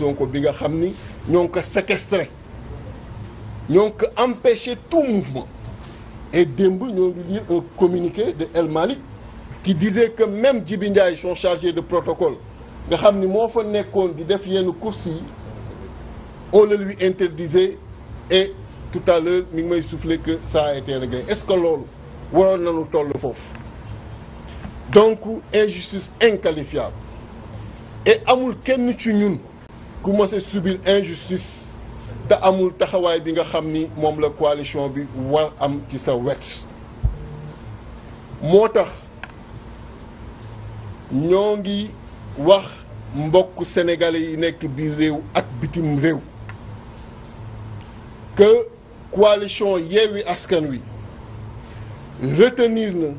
Sonko bi nga xam ni ñoo ngi ko séquestré ñoo ngi ko empêché tout mouvement et démb ñoo ngi lire un communiqué de El Malik qui disait que même jibi Ndiaye sont chargés de protocole nga xam ni moo fa nekkoon di def yenn course yi on le lui interdisait et tout à l'heure mi ngi may souffler que ça a été réglé ce que loolu waroon nañu toll foofu donc injustice inqualifiable et amul kenn ci ñun commencé subir injustice te amul taxawaay bi nga xam ni moom la coalition bi war am ci sa wet moo tax ñoo ngi wax mbokk sénégalais yi nekk biir réew ak bitim réew que coalition Yewwi Askan Wi retenir na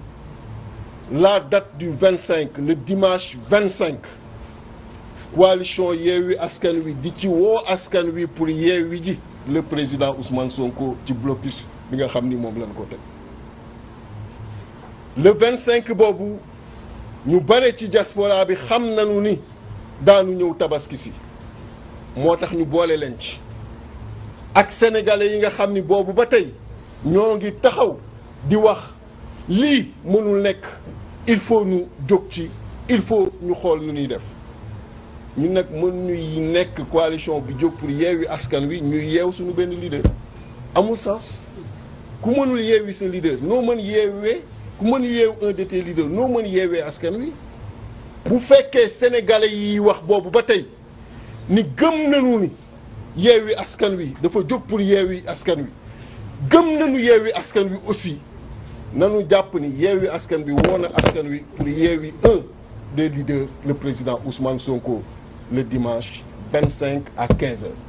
la date du 25 le dimanche 25 coalition Yewwi Askan Wi di ci woo askan wi pour yeewi ji le président Ousmane Sonko ci blocus bi nga xam ni moom lan ko teg le 25 boobu ñu bare ci diaspora bi xam nañu ni daanu ñëw tabaski si moo tax ñu boole leen ci ak sénégalais yi nga xam ni boobu ba tey ñoo ngi taxaw di wax lii mënul nekk il faut nu jóg ci il faut ñu xool lu ñuy def. ñun nag mën ñuy nekk coalition bi jóg pour yeewi askan wi ñu yeew suñu benn leader amul sens ku mënul yeewi sa leader noo mën yeewee ku mën yeew un de tes leaders noo mën yeewee askan wi bu fekkee sénégalais yi wax boobu ba tey ni gëm nañu ni yeewi askan wi dafa jóg pour yi askan wi gëm nañu yeewi askan wi aussi nanu jàpp ni yeewi askan wi woon na askan wi pour yeewi un des leaders, le président Ousmane Sonko, le dimanche 25 à 15h.